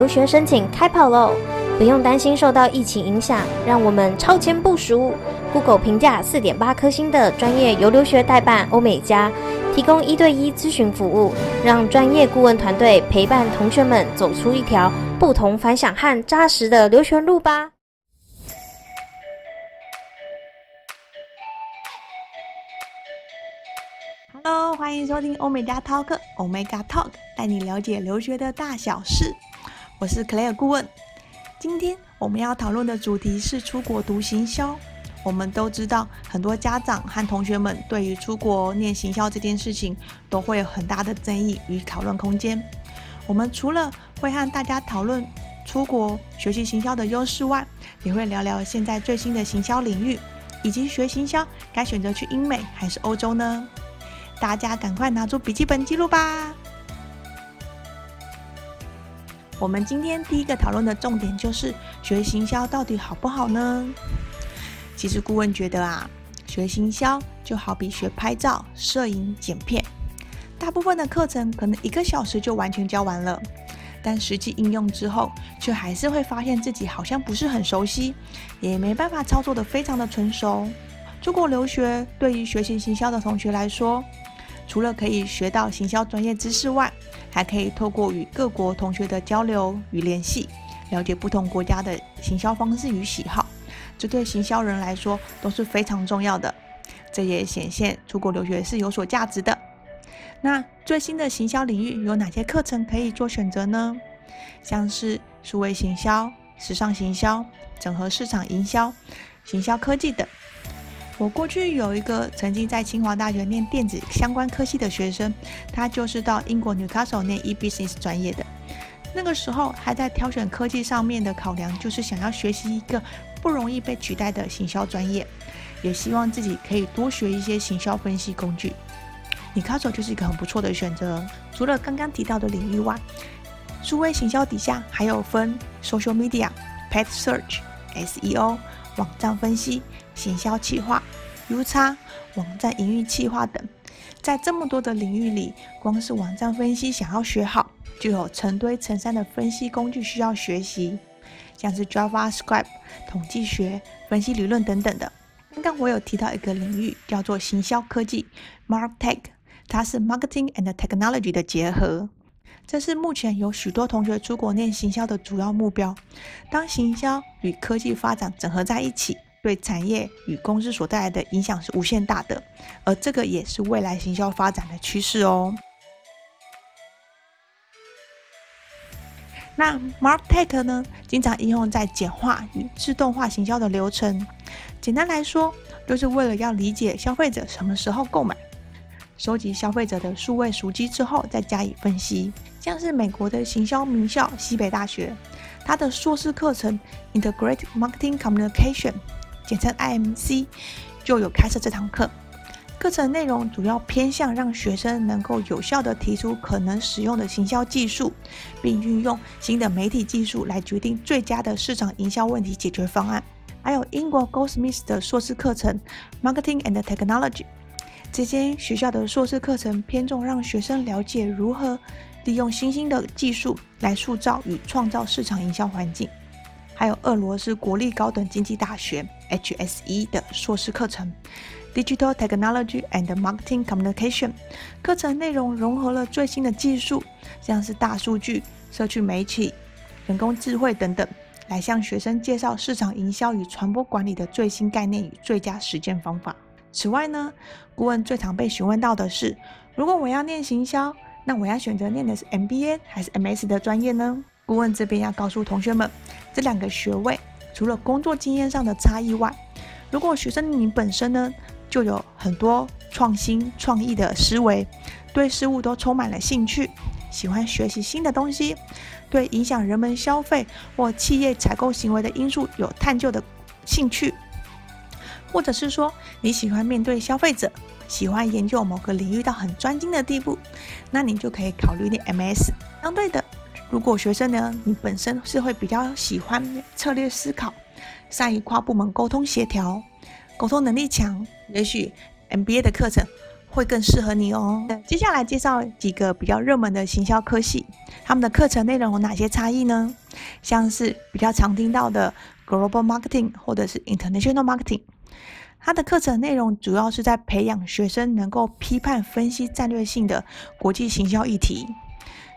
留學申請開跑嘍！不用擔心受到疫情影響，讓我們超前部署。Google 評價四點八顆星的專業遊留學代辦歐美加，提供一對一諮詢服務，讓專業顧問團隊陪伴同學們走出一條不同凡響、和扎實的留學路吧。Hello，歡迎收聽歐美加 Talk，歐美加 Talk 帶你了解留學的大小事。我是 Claire 顧問，今天我們要討論的主題是出國讀行銷。我們都知道，很多家長和同學們對於出國念行銷這件事情，都會有很大的爭議與討論空間。我們除了會和大家討論出國學習行銷的優勢外，也會聊聊現在最新的行銷領域，以及學行銷該選擇去英美還是歐洲呢？大家趕快拿出筆記本記錄吧！我們今天第一個討論的重點就是學行銷到底好不好呢？其實顧問覺得啊，學行銷就好比學拍照、攝影、剪片，大部分的課程可能一個小時就完全教完了，但實際應用之後，卻還是會發現自己好像不是很熟悉，也沒辦法操作得非常的純熟。出國留學對於學習行,行銷的同學來說。除了可以學到行銷專業知識外，還可以透過與各國同學的交流與聯繫，了解不同國家的行銷方式與喜好，這對行銷人來說都是非常重要的。這也顯現出國留學是有所價值的。那最新的行銷領域有哪些課程可以做選擇呢？像是數位行銷、時尚行銷、整合市場營銷、行銷科技等。我過去有一個曾經在清華大學念電子相關科系的學生，他就是到英國 Newcastle 念 E-Business 專業的。那個時候還在挑選科技上面的考量，就是想要學習一個不容易被取代的行銷專業，也希望自己可以多學一些行銷分析工具。Newcastle 就是一個很不錯的選擇。除了剛剛提到的領域外啊，數位行銷底下還有分 Social Media、Paid Search、SEO、網站分析、行銷企劃、UX、網站營運計劃等，在這麼多的領域裡，光是網站分析想要學好，就有成堆成山的分析工具需要學習，像是 JavaScript、統計學、分析理論等等的。剛剛我有提到一個領域叫做行銷科技 MarkTech，它是 Marketing and Technology 的結合，這是目前有許多同學出國念行銷的主要目標。當行銷與科技發展整合在一起。對產業與公司所帶來的影響是無限大的，而這個也是未來行銷發展的趨勢哦。那 MarkTech 呢，經常應用在簡化與自動化行銷的流程。簡單來說，就是為了要理解消費者什麼時候購買，收集消費者的數位數據之後再加以分析。像是美國的行銷名校西北大學，它的碩士課程 Integrated Marketing Communication。簡稱 IMC，就有開設這堂課。課程內容主要偏向讓學生能夠有效地提出可能使用的行銷技術，並運用新的媒體技術來決定最佳的市場營銷問題解決方案。還有英國 Goldsmith 的碩士課程 Marketing and Technology，這間學校的碩士課程偏重讓學生了解如何利用新興的技術來塑造與創造市場營銷環境。還有俄羅斯國立高等經濟大學 （HSE） 的碩士課程，Digital Technology and Marketing Communication 課程內容融合了最新的技術，像是大數據、社區媒體、人工智慧等等，來向學生介紹市場營銷與傳播管理的最新概念與最佳實踐方法。此外呢，顧問最常被詢問到的是，如果我要念行銷，那我要選擇念的是 MBA 還是 MS 的專業呢？顧問這邊要告訴同學們，這兩個學位除了工作經驗上的差異外，如果學生你本身呢就有很多創新創意的思維，對事物都充滿了興趣，喜歡學習新的東西，對影響人們消費或企業採購行為的因素有探究的興趣，或者是說你喜歡面對消費者，喜歡研究某個領域到很專精的地步，那你就可以考慮念 M.S。相對的。如果學生呢，你本身是會比較喜歡策略思考，善於跨部門溝通協調，溝通能力強，也許 MBA 的課程會更適合你哦。接下來介紹幾個比較熱門的行銷科系，他們的課程內容有哪些差異呢？像是比較常聽到的 Global Marketing 或者是 International Marketing，它的課程內容主要是在培養學生能夠批判分析戰略性的國際行銷議題。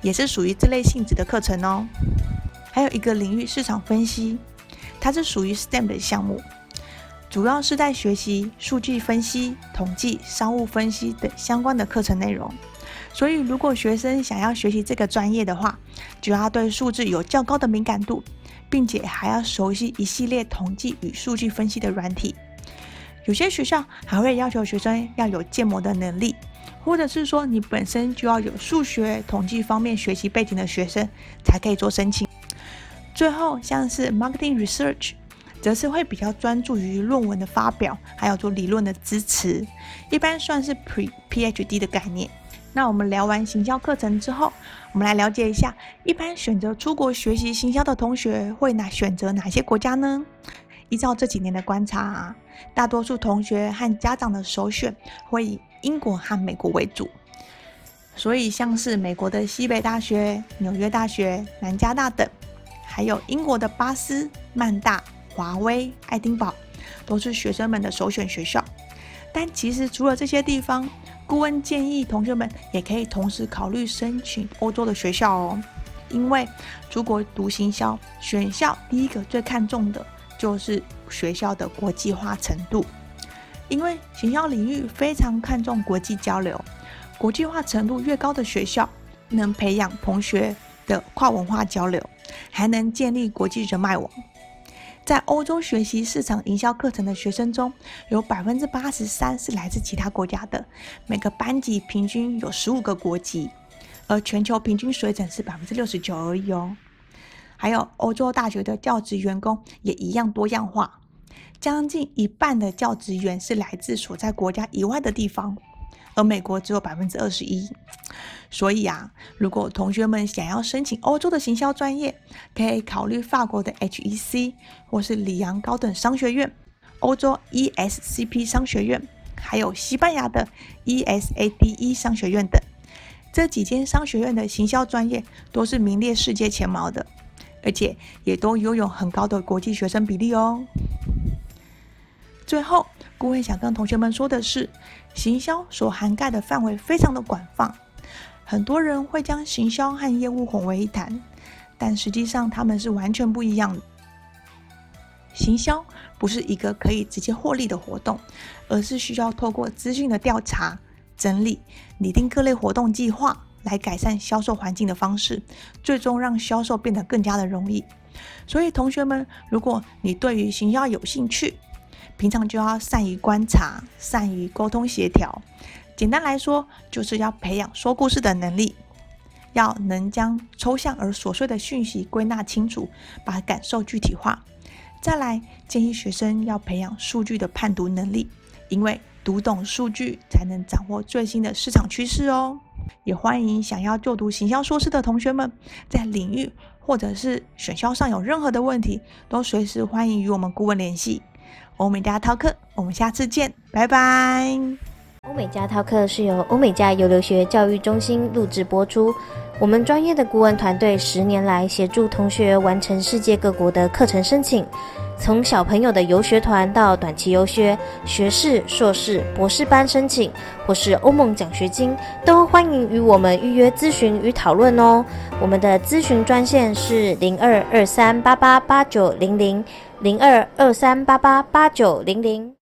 也是屬於這類性質的課程哦。還有一個領域，市場分析，它是屬於 STEM 的項目，主要是在學習數據分析、統計、商務分析等相關的課程內容。所以，如果學生想要學習這個專業的話，就要對數字有較高的敏感度，並且還要熟悉一系列統計與數據分析的軟體。有些學校還會要求學生要有建模的能力。或者是說，你本身就要有數學、統計方面學習背景的學生才可以做申請。最後，像是 marketing research，則是會比較專注於論文的發表，還有做理論的支持，一般算是 pre-PhD 的概念。那我們聊完行銷課程之後，我們來了解一下，一般選擇出國學習行銷的同學會哪選擇哪些國家呢？依照這幾年的觀察，啊，大多數同學和家長的首選會以英國和美國為主，所以像是美國的西北大學、紐約大學、南加大等，還有英國的巴斯、曼大、華威、愛丁堡，都是學生們的首選學校。但其實除了這些地方，顧問建議同學們也可以同時考慮申請歐洲的學校哦，因為出國讀行銷，選校第一個最看重的就是學校的國際化程度。因為學校領域非常看重國際交流，國際化程度越高的學校，能培養同學的跨文化交流，還能建立國際人脈網。在歐洲學習市場營銷課程的學生中，有百分之八十三是來自其他國家的，每個班級平均有十五個國籍，而全球平均水準是百分之六十九而已哦。還有歐洲大學的教職員工也一樣多樣化。將近一半的教職員是來自所在國家以外的地方，而美國只有百分之二十一。所以啊，如果同學們想要申請歐洲的行銷專業，可以考慮法國的 HEC 或是里昂高等商學院、歐洲 ESCP 商學院，還有西班牙的 ESADE 商學院等。這幾間商學院的行銷專業都是名列世界前茅的，而且也都擁有很高的國際學生比例哦。最後，顧問想跟同學們說的是，行銷所涵蓋的範圍非常的廣泛，很多人會將行銷和業務混為一談，但實際上他們是完全不一樣的。行銷不是一個可以直接獲利的活動，而是需要透過資訊的調查、整理、擬定各類活動計劃，來改善銷售環境的方式，最終讓銷售變得更加的容易。所以，同學們，如果你對於行銷有興趣，平常就要善於觀察，善於溝通協調。簡單來說，就是要培養說故事的能力，要能將抽象而瑣碎的訊息歸納清楚，把感受具體化。再來，建議學生要培養數據的判讀能力，因為讀懂數據才能掌握最新的市場趨勢哦。也歡迎想要就讀行銷碩士的同學們，在領域或者是選校上有任何的問題，都隨時歡迎與我們顧問聯繫。歐美加 Talk，我們下次見，拜拜。歐美加 Talk 是由歐美加遊留學教育中心錄製播出，我們專業的顧問團隊十年來協助同學完成世界各國的課程申請，從小朋友的遊學團到短期遊學、學士、碩士、博士班申請，或是歐盟獎學金，都歡迎與我們預約諮詢與討論哦。我們的諮詢專線是零二二三八八八九零零。零二二三八八八九零零。